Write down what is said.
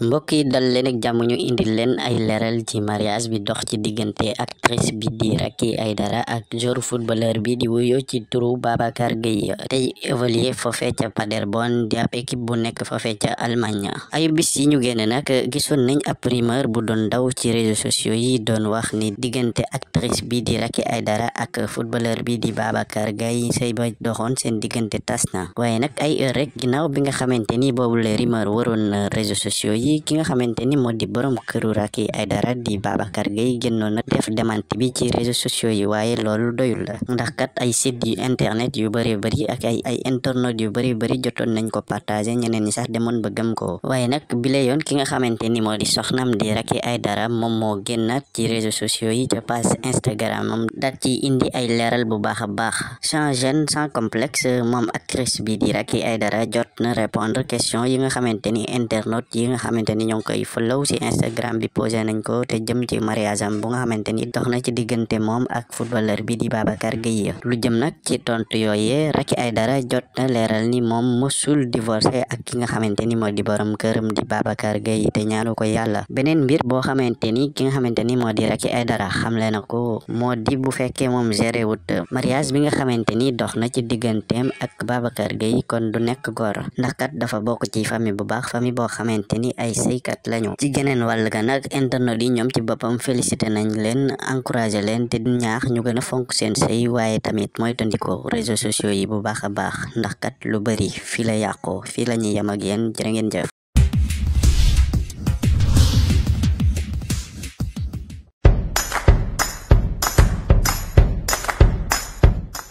mbokk yi dal leen ak jàmm ñu indil leen ay leeral ci mariage bi dox ci diggante actrice bi di Racky Aïdara ak joueur footballeur bi di wuyoo ci turu Babacar Gueye tey évoluer foofee ca Paderborn di ab équipe bu nekk foofee ca Allemagne ay bis yi ñu génne nag gisoon nañ ab rumeur bu doon daw ci réseaux sociaux yi doon wax ni diggante actrice bi di Racky Aïdara ak footballeur bi di Babacar Gueye sëy ba doxoon seen diggante tas na waaye ay heure rek ginnaaw bi nga xamante ni boobu le rumeur waroon réseaux sociaux yi ki nga xamante ni moo di borom këru Racky Aidara di Babacar Gueye génnoon na def démenti bi ci réseaux sociaux yi waaye loolu doyul ndax kat ay site yu internet yu bari bari ay ay internautes yu bari bari jotoon nañ ko partager ñeneen ñi sax demoon ba gëm ko waaye nag bile yoon ki nga xamante ni moo di soxnaam di Racky Aidara moom moo génnaat ci réseaux sociaux yi ca page Instagram am daat ci indi ay leeral bu baax a baax sans gêne sans complexe moom actrice bi di Racky a jot xamante ni ñoo ngi koy fëlaw si Instagram bi posé nañ ko te jëm ci mariage am bu nga ni moom ak footballeur di Babacar Gueye lu ak ki nga xamante ni moo di borom këram di Babacar Gueye te ñaanu ko yàlla beneen mbir boo xamante ni ki nga xamante ni moo di Racky Aïdara xamle na ko moo di bu fekkee moom géré wut mariage bi nga xamante ni dox na ci digganteem ak Babacar Gueye kon du nekk góor ndax kat dafa bokk ci famille bu baax famille boo xamante ni ay sëykat lañu ci geneen wàll ga nag internet yi ñoom ci boppam félicité nañ leen encouragé leen te ñaax ñu gën a fonk seen sëy waaye tamit mooy tondikoo réseaux sociaux yi bu baax a baax ndax kat lu bëri fii la yàqoo fii la ñuy yem ak yéen jërë ngeen jëf